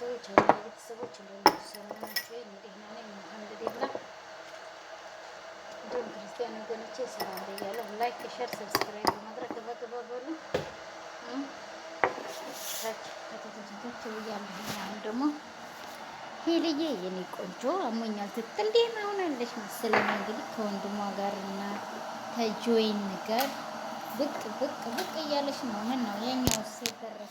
ተከታታዮች አሁን ቤተሰቦች እንደምትሰማቸው ደህና ነኝ፣ አልሐምዱሊላህ። እንዲሁም ክርስቲያን ወገኖቼ ሰላም ብያለሁ። ላይክ፣ ሸር፣ ሰብስክራይብ በማድረግ ገባ ገባ ብያለሁ። አሁን ደግሞ ሄልዬ የኔ ቆንጆ አሞኛል ትትል ደህና ሆናለች መሰለኝ። እንግዲህ ከወንድሟ ጋር ከጆይን ጋር ብቅ ብቅ ብቅ እያለች ነው። ምን ነው የኛው ሴ ደረሰ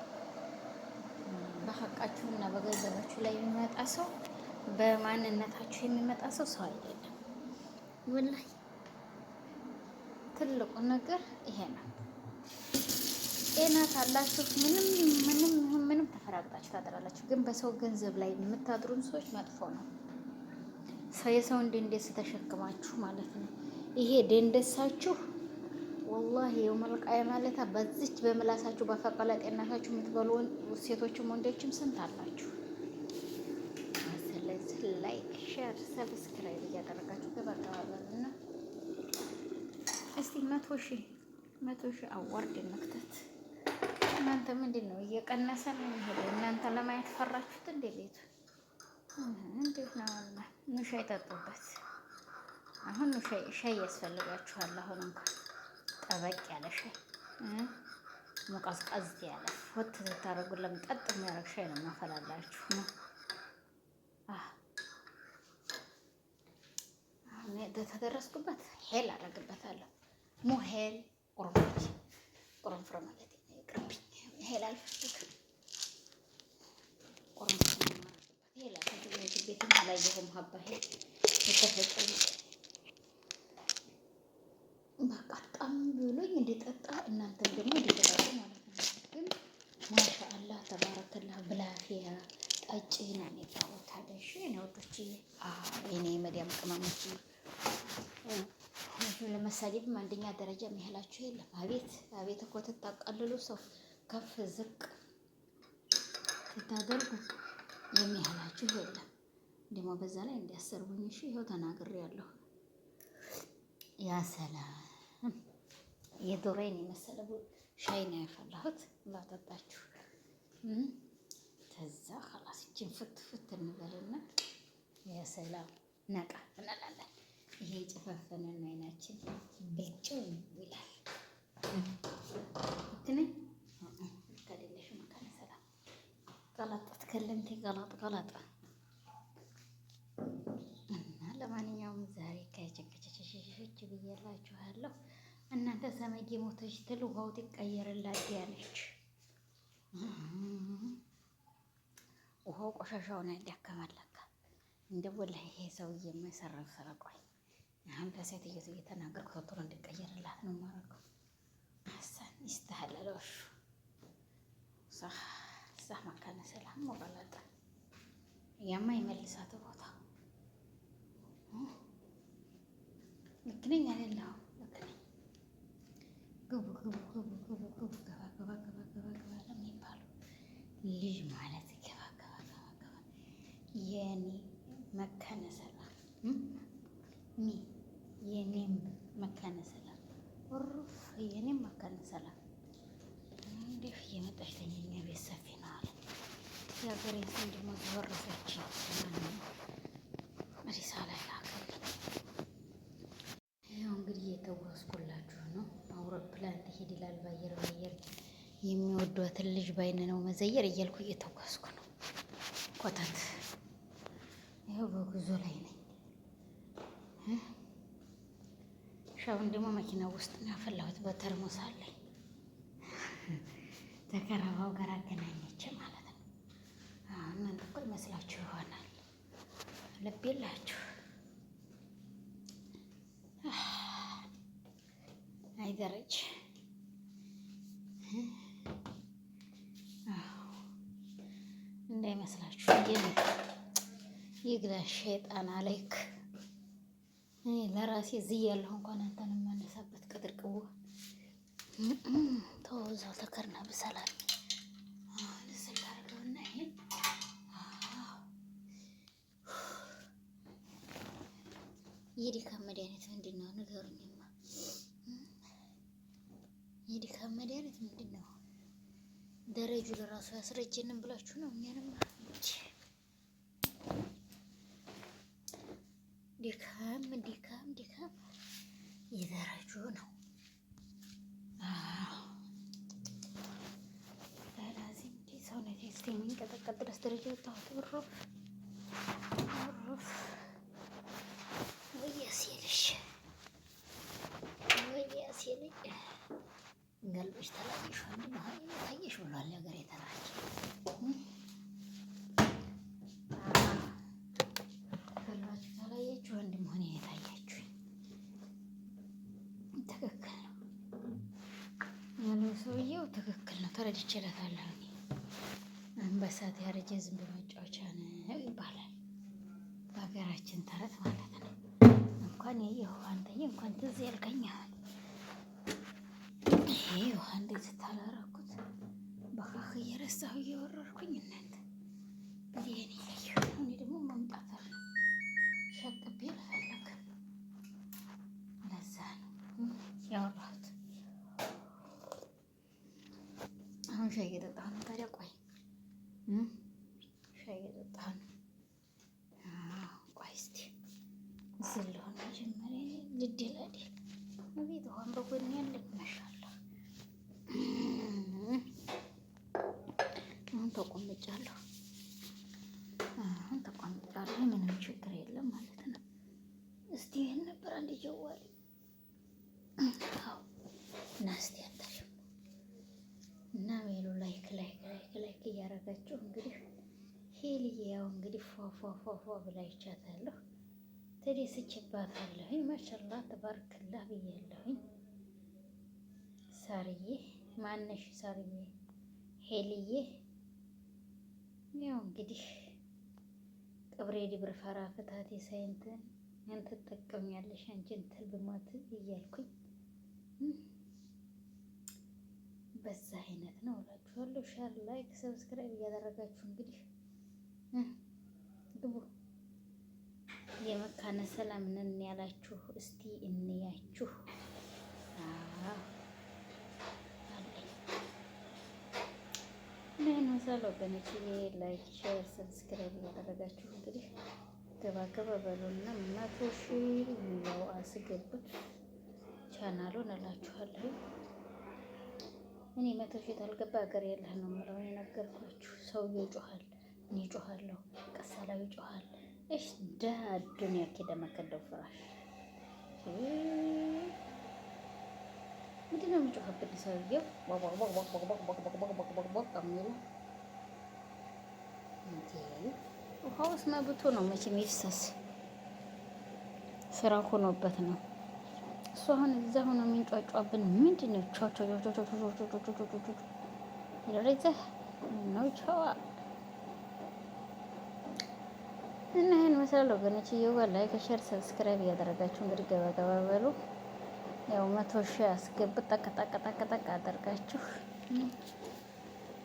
እና በገንዘባችሁ ላይ የሚመጣ ሰው በማንነታችሁ የሚመጣ ሰው ሰው አይደለም። ወላሂ ትልቁ ነገር ይሄ ነው። ጤና ካላችሁ ምንም ምንም ይሁን ምንም ተፈራግጣችሁ ታደራላችሁ። ግን በሰው ገንዘብ ላይ የምታድሩን ሰዎች መጥፎ ነው። ሰው የሰውን ደንደስ ተሸክማችሁ ማለት ነው ይሄ ደንደሳችሁ ወላሂ የውመል ቂያማ ማለት በዚች በምላሳችሁ በፈቀለ ጤናታችሁ የምትበሉ ሴቶችም ወንዶችም ስንት አላችሁ? ስለዚህ ላይክ፣ ሼር፣ ሰብስክራይብ እያደረጋችሁ ገባገባበልና እስቲ መቶ ሺህ መቶ ሺህ አዋርድ መክተት እናንተ ምንድን ነው እየቀነሰ ነው የሚሄደው? እናንተ ለማየት ፈራችሁት እንዴ? ቤቱ እንዴት ነው? ኑ ሻይ ጠጡበት። አሁን ሻይ ያስፈልጋችኋል። አሁን እንኳን ጠበቅ ያለ ሻይ ሙቀዝቀዝ ያለ ወጥ ስታደርጉ ለምጠጥ የሚያደርግ ሻይ ነው እናፈላላችሁ ተደረስኩበት ሄል አደርግበታለሁ። ሙሄል ቁርንፍሮች ቁርንፍሮ ማለት ይቅርብኝ፣ ሄል አልፈልግም። ቁርንፍሮ ማረግበት ሄል አልፈልግም። ቤትም አላየሁም ሀባ ሄል የተፈጨ እናንተም ደግሞ ዲገባሉ ማለት ነው። ግን ማሻ አላህ ተባረከላህ ብላፊያ ጠጪ ነው የሚባለው። ታዲያ እሺ እኔ ወዶች የኔ መዲያም ቅመሞች ለመሳደብም አንደኛ ደረጃ የሚያህላችሁ የለም። አቤት አቤት እኮ ትታቃልሉ ሰው ከፍ ዝቅ ስታደርጉ የሚያህላችሁ የለም። ደግሞ በዛ ላይ እንዲያሰርቡኝ እሺ ይኸው ተናግሬ ያለሁ ያ ሰላም የዶሬን የመሰለ ሻይ ነው ያፈላሁት። ላጠጣችሁ። ከዛ ኸላስ እችን ፍት ፍት እንበልና የሰላም ነቃ እንላለን። ይሄ የጨፋፈነን አይናችን ብልጭው ይላል። እትነኝ ከሌለሽ መካነ ሰላም ቀላጣ ትከለምቴ ቀላጥ ቀላጣ እና ለማንኛውም ዛሬ ከጨቀጨሸሸሸች ብዬላችኋለሁ። እናንተ ሰመጌ ሞተች ትል ውሃው ትቀየርላት ያለች ውሃው ቆሻሻውን ያዳከማለካ እንደ ወላሂ ይሄ ሰውዬ የማይሰራው ስራ። ቆይ አሁን ለሴትዮ እየተናገርኩ ቶሎ እንድቀየርላት ነው የማደርገው። ሀሳን ይስተሃል ሳ ሳ መካነ ሰላም ሞቀለጠ ያማ ይመልሳት ቦታ ልክ ነኝ አይደለሁም ግቡ ልጅ ማለት ገባ ገባ ገባ ገባ የኔ መካነ ሰላም ሚ የኔም መካነ ሰላም ሩፍ የኔም መካነ ሰላም እየመጣች ቤት ሰፊ ነው አለ የሀገሬ ደግሞ ማንም አልሄድ ይላል ባየር ባየር የሚወዷትን ልጅ ባይን ነው መዘየር እያልኩ እየተጓዝኩ ነው። ቆታት ይኸው በጉዞ ላይ ነኝ። ሻውን ደግሞ መኪና ውስጥ ነው ያፈላሁት። በተርሞስ አለኝ ተከረባው ጋር አገናኘች ማለት ነው። እናንተ እኮ ይመስላችሁ ይሆናል ልብ የላችሁ አይደረጅ እንዳይመስላችሁ ይግዛ ሸይጣን አለይክ። እኔ ለራሴ እዚህ ያለሁ እንኳን አንተን የማነሳበት ቅጥር ተወዛው ተከርና ብሰላል ስላርገውና ይሄን ምንድን ነው ንገሩኝ። ደረጁ ለራሱ ያስረጀንም ብላችሁ ነው እኛንም ድካም ዲካም ድካም የደረጁ ነው። ላዚህ እንዲ ሰውነት የሚንቀጠቀጥ ድረስ ደረጃ ወጣሁት። ገልበሽ ተላየሽ ወንድም ታየሽ ብሏል ነገር የተራች ገልባችሁ ትክክል ነው ያለው ሰውዬው ትክክል ነው። ተረድቼለታለሁ። አንበሳት ያረጀ ዝንብ መጫወቻ ነው ይባላል በሀገራችን ተረት ማለት ነው። እንኳን ይህ አንተዬ እንኳን ትዝ ያልከኛል እንዴት ታላረኩት በካህ እየረሳሁ እየወረርኩኝ እናንተ ብዬን እያየ እኔ ደግሞ መምጣት አለ ሸቅቤ አልፈለግም። ለዛ ነው ያወራሁት። አሁን ሻይ እየጠጣሁ ነው። ተቋምጫለሁ። አሁን ተቋምጫለሁ፣ ምንም ችግር የለም ማለት ነው። እስቲ ይህን ነበር አንድ ጀዋሪ አዎ። እና እስቲ ያታሽም እና ሜሉ ላይክ ላይክ ላይክ ላይክ እያረጋችሁ እንግዲህ ሄልዬ ያው እንግዲህ ፏፏፏፏ ብላ ይቻታለሁ። ተደስቼባታለሁኝ። ማሻላ ተባርክላ ብያለሁኝ። ሳርዬ ማነሽ? ሳርዬ ሄልዬ ያው እንግዲህ ቅብሬ ድብር ፈራ ፍታት የሳይንትን ያን ትጠቀሚያለሽ አንቺን ትልብማት እያልኩኝ በዛ አይነት ነው እላችኋለሁ። ሻር ላይክ፣ ሰብስክራይብ እያደረጋችሁ እንግዲህ ግቡ። የመካነ ሰላም ነን ያላችሁ እስቲ እንያችሁ። ይመስላል ወገኖች። ላይክ፣ ሼር፣ ሰብስክራይብ እያደረጋችሁ እንግዲህ ገባ በሉና መቶ ሺህ ያው አስገቡት ቻናሉን እላችኋለሁ። እኔ መቶ ሺህ ታልገባ ሀገር የለህ ነው የምለው የነገርኳችሁ። ሰውዬው ይጮሃል፣ እኔ ይጮሃለሁ፣ ቀሳላዊ ይጮሃል። እሽ ዳ ዱንያ ኬደ መከደው ፍራሽ ምንድነው የሚጮኸብን ሰውዬው? ውሃውስ መብቱ ነው መቼም ይፍሰስ። ስራ ሆኖበት ነው። እሱ አሁን እዛ ሆኖ የሚንጫጫብን ምንድን ነው? ቻው ቻው ቻው ቻው ቻው ነው ቻዋ እና ወገኖች፣ ላይክ፣ ሰብስክራይብ እያደረጋችሁ እንግዲህ ገባ ገባ በሉ። ያው መቶ ሺህ ጠቅ ጠቅ ጠቅ ጠቅ አደርጋችሁ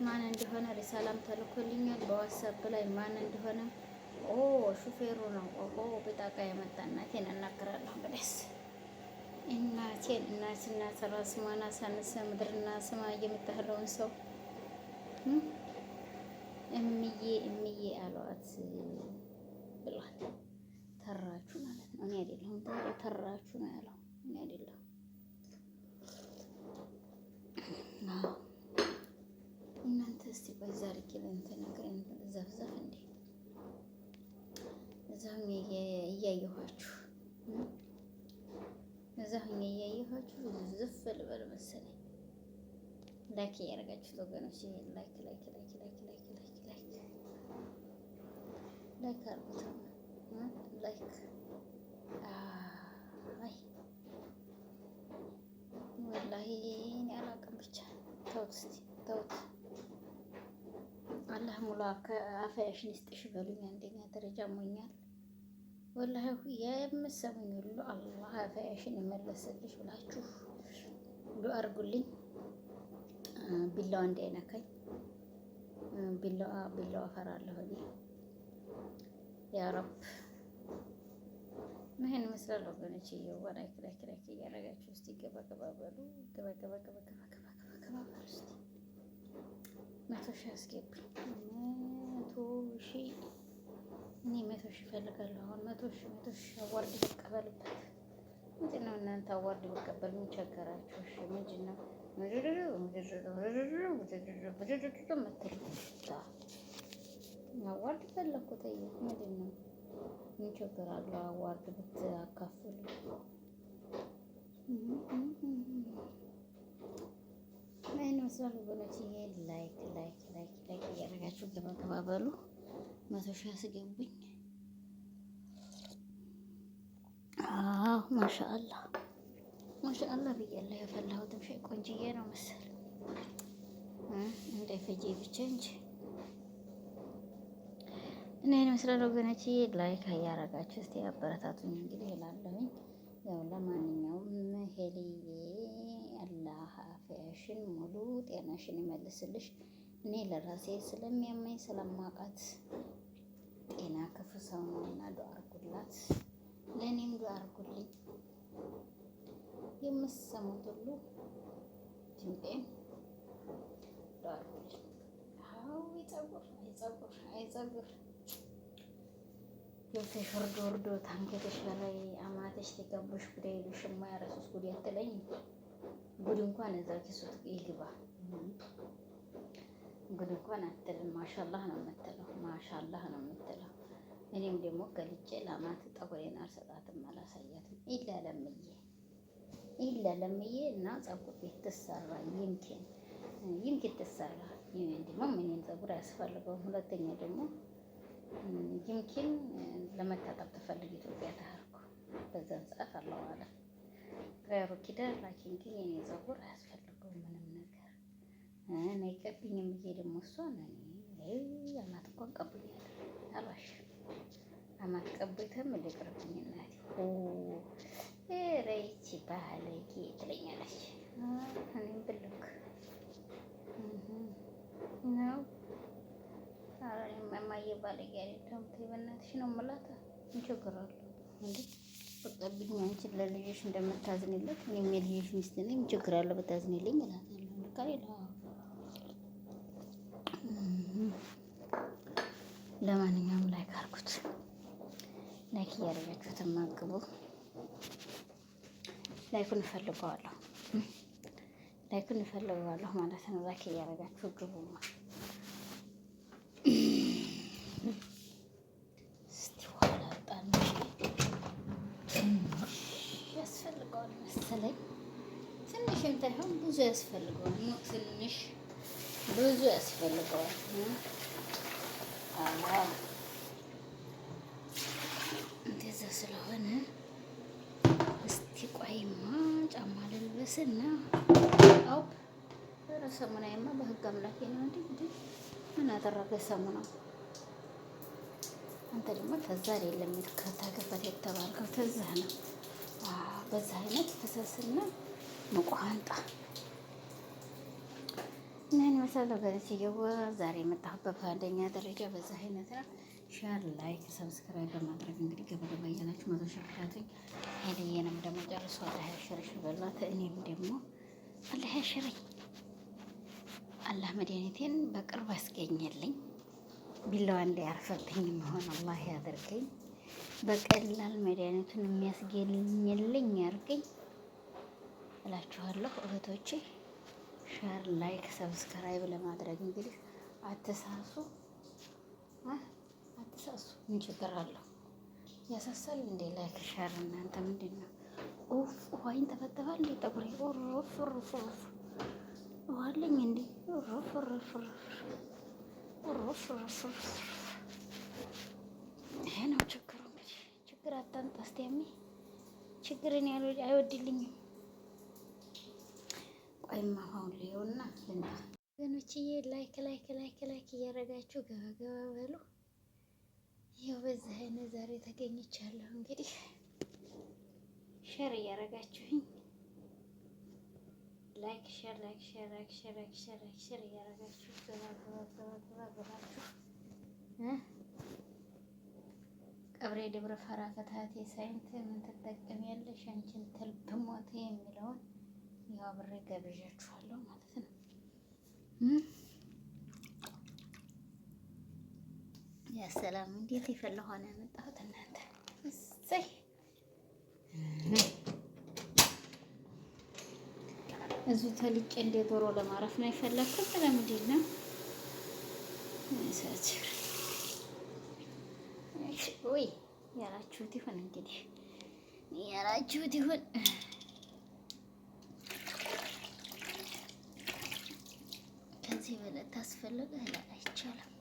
ማን እንደሆነ ሪሳላም ተልኮልኛል በዋትሳፕ ላይ ማን እንደሆነ ኦ ሹፌሩ ነው። ኦ ብጣቃ የመጣ እናቴን እናገራለሁ ብለስ እናቴን እናትና ሰራ ማና ሳንሰ ምድርና ስማ የምታህለውን ሰው እምዬ እምዬ አሏት ብሏል። ተራችሁ ማለት ነው። እኔ አይደለሁም ተራችሁ ነው ያለው። እኔ አይደለሁም እዛሁኝ እያየኋችሁ እዛሁኝ እያየኋችሁ ዝፍ ልበል መሰለኝ። ላይክ እያደረጋችሁት ወገኖች፣ ላይክ ላይክ ላይክ ላይክ ላይክ ላይክ ላይክ ላይክ አድርጉት። ላይክ ወላሂ እኔ አላውቅም። ብቻ ተውት እስኪ ተውት። አላህ ሙሉ አፈያሽን ይስጥሽ በሉኝ። አንደኛ ደረጃ ሞኛል። ወላሂ የምትሰሙኝ ሁሉ አላህ አፍያሽን ይመለስልሽ ብላችሁ ዱአ አድርጉልኝ። ቢላዋ እንዳይነካኝ ቢላዋ ቢላዋ ፈራለሁ እኔ ያ ረብ። ይሄን ይመስላል ወገኖች። ይኸው ላይክ ላይክ ላይክ እያደረጋችሁ እስቲ ገባ ገባ በሉ። ገባ ገባ ገባ ገባ ገባ ገባ ገባ በሉ እስቲ መቶ ሺህ አስገቡኝ መቶ ሺህ እኔ መቶ ሺህ እፈልጋለሁ። አሁን መቶ ሺህ መቶ ሺህ አዋርድ ልቀበልበት። ምንድን ነው እናንተ አዋርድ መቀበል ምን ቸገራችሁ? እሺ ምንድን ነው አዋርድ ምንድን ነው ምን አዋርድ ይህን መስላል ወገኖች። ይሄ ላይክ ላይክ ላይክ ላይክ እያደረጋችሁ ገባ ገባ በሉ መቶ ሺህ አስገቡኝ። አዎ ማሻአላ ማሻአላ ብያለሁ። የፈላሁትም ሻይ ቆንጅዬ ነው መሰል እንዳይፈጀ ብቻ እንጂ እና ይህን ይመስላል ወገኖች። ላይክ እያረጋችሁ እስቲ አበረታቱኝ። እንግዲህ ይላለሁኝ ያው ለማንኛውም ሄልዬ አላህ አፍያሽን ሙሉ ጤናሽን ይመልስልሽ። እኔ ለራሴ ስለሚያመኝ ስለማውቃት ጤና ክፉ ሰው ነው እና ዱዓ አድርጉላት፣ ለእኔም ዱዓ አድርጉልኝ። የምሰሙት ሁሉ ድምጤን ዱዓ አድርጉልኝ። አዎ ይጸጉር አይጸጉር አይጸጉር ገብተሽ ወርዶ ወርዶ ታንገተሽ በላይ አማተሽ ሊገቡሽ ጉዳይ ይሉሽ የማያረሱት ጉድ አትለኝ። ጉድ እንኳን እዛ ኪሱ ይግባ ጉድ እንኳን አትልም። ማሻላህ ነው የምትለው ማሻላህ ነው የምትለው። እኔም ደግሞ ገልጬ ላማት ጠጉሬን አልሰጣትም አላሳያትም። ኢላ ለምዬ ኢላ ለምዬ እና ፀጉር ቤት ትሰራ ይምኪን ይምኪን ትሰራ ደግሞ ምንም ፀጉር አያስፈልገውም። ሁለተኛ ደግሞ ይምኪን ለመታጠብ ትፈልግ ኢትዮጵያ ታርኩ በዛን ሰዓት አለው አለ ጋሩ ኪዳ ላኪን ግን የኔ ፀጉር አያስፈልገው ምንም ነገር አይቀብኝም ብዬ ደግሞ እሷ ነው አማት እኮ አቀቡኛል አልዋሽም። አማት ቀቡይተም ልቅርብኝ እናቴ ረይቺ ባህለጌ ትለኛለች። እኔም ብልክ ነው የማየ ባለጌ አይደለም ተይ በእናትሽ ነው የምላት። ምን ችግር አለው እንዴ? በቃብኝ አንቺን ለልጆች እንደምታዝንለት እኔም የልጆች ሚስት ነኝ። ምን ችግር አለው ብታዝንልኝ እላታለሁ። ለማንኛውም ላይክ አድርጉት። ላይክ እያደረጋችሁትን ማግቡ። ላይኩን እፈልገዋለሁ፣ ላይኩን እፈልገዋለሁ ማለት ነው። ላይክ እያደረጋችሁ ግቡ። እስቲ ያስፈልገዋል መሰለኝ። ትንሽ እንትን ይሆን ብዙ ያስፈልገዋል ትንሽ ብዙ ያስፈልገዋል። እንደዛ ስለሆነ እስቲ ቆይማ ጫማ ልልበስና አው ኧረ ሰሙናዬማ በህግ አምላኬ ነው። እንደ ምን አደረገ ሰሙና? አንተ ደግሞ ተዛ የለም ከታገበት የተባልከው ተዛ ነው። በዛ አይነት ፈሰስና መቋንጣ ምን መሰለ ገለችየው ዛሬ የመጣሁት በአንደኛ ደረጃ በዛ አይነት ነው። ሻር ላይክ ሰብስክራይብ በማድረግ እንግዲህ ገበገባ እያላችሁ መቶ ሸርካቶኝ ሄልየንም ደግሞ ጨርሶ አላህ ያሽርሽ በላት። እኔም ደግሞ አላህ ያሽረኝ፣ አላህ መድኃኒቴን በቅርብ አስገኘልኝ። ቢላዋ እንዳያርፈብኝ መሆን አላህ ያደርገኝ፣ በቀላል መድኃኒቱን የሚያስገኝልኝ ያርገኝ እላችኋለሁ እህቶቼ። ሼር፣ ላይክ፣ ሰብስክራይብ ለማድረግ እንግዲህ አትሳሱ፣ አትሳሱ። ምን ችግር አለው? ያሳሳል እንዴ? ላይክ ሼር፣ እናንተ ምንድን ነው? ኡፍ ውሃይን ተፈተፋል እንዴ? ጠጉሬ ሩፍ ሩፍ ሩፍ ውሃለኝ እንዴ? ሩፍ ሩፍ ሩፍ ሩፍ ይሄ ነው ችግሩ። እንግዲህ ችግር አታንጣ። ያሚ ችግርን አይወድልኝም የማሆን ሊሆንና ልንዳ ወገኖችዬ ላይክ ላይክ ላይክ ላይክ እያደረጋችሁ ገባገባ በሉ። ይኸው በዚህ አይነት ዛሬ ተገኝቻለሁ። እንግዲህ ሸር እያደረጋችሁኝ ላይክ ሸር ላይክ ሸር ላይክ ሸር ላይክ ሸር ላይክ ሸር እያደረጋችሁ ገባገባገባገባችሁ ቀብሬ ደብረ ፈራ ከታቴ ሳይንት ምን ትጠቀሚያለሽ አንቺን ትል ብሞት የሚለውን ያው ብሬ ገብዣችኋለሁ ማለት ነው። ያ ሰላም እንዴት የፈላ ሆነ ያመጣሁት እናንተ እሰይ እዚሁ ተልጬ እንደ ዶሮ ለማረፍ ነው የፈለግኩት። ለምንድን ነው ወይ ያላችሁት ይሁን እንግዲህ ያላችሁት ይሁን። ከተፈለገ አይቻልም፣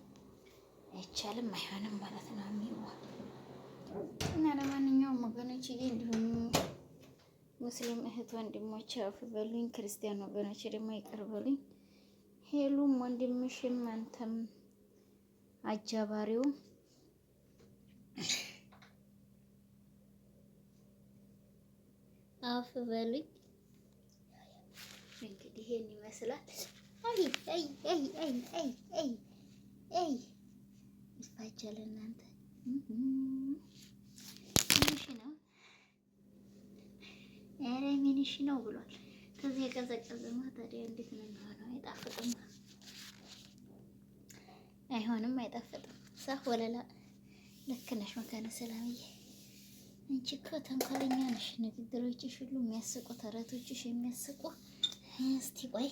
አይቻልም፣ አይሆንም ማለት ነው የሚሆን እና ለማንኛውም ወገኖች ይሄ እንዲሁም ሙስሊም እህት ወንድሞች አፍ በሉኝ፣ ክርስቲያን ወገኖች ደግሞ ይቅር በሉኝ። ሄሉም ወንድምሽም አንተም አጃባሪውም አፍ በሉኝ። እንግዲህ ይሄን ይመስላል። ይፋቻል። እናንተ ምንሽ ነው? ኧረ ሚኒሽ ነው ብሏል። ከዚህ የቀዘቀዘማ ታዲያ እንዴት ነው የሚሆነው? አይጣፍጥም፣ አይሆንም፣ አይጣፍጥም። ሳህ ወለላ ልክ ነሽ መካነ ሰላምዬ። አንቺ እኮ ተንኮለኛ ነሽ። ንግግሮችሽ ሁሉ የሚያስቁ ተረቶችሽ የሚያስቁ እስቲ ቆይ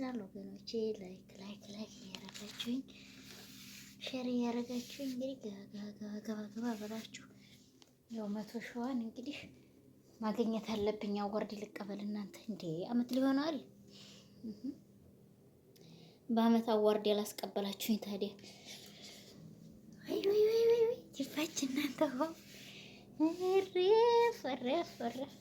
ይመስላል ወገኖቼ። ላይክ ላይክ ላይክ እያረጋችሁኝ ሼር እያረጋችሁኝ እንግዲህ ገባገባ በላችሁ ያው መቶ ሸዋን እንግዲህ ማግኘት አለብኝ። አዋርድ ልቀበል እናንተ እንዴ አመት ሊሆነዋል። በአመት አዋርድ ያላስቀበላችሁኝ ታዲያ ወይ ወይ ወይ ወይ ይፋች እናንተ ሆ ሬፍ ሬፍ ሬፍ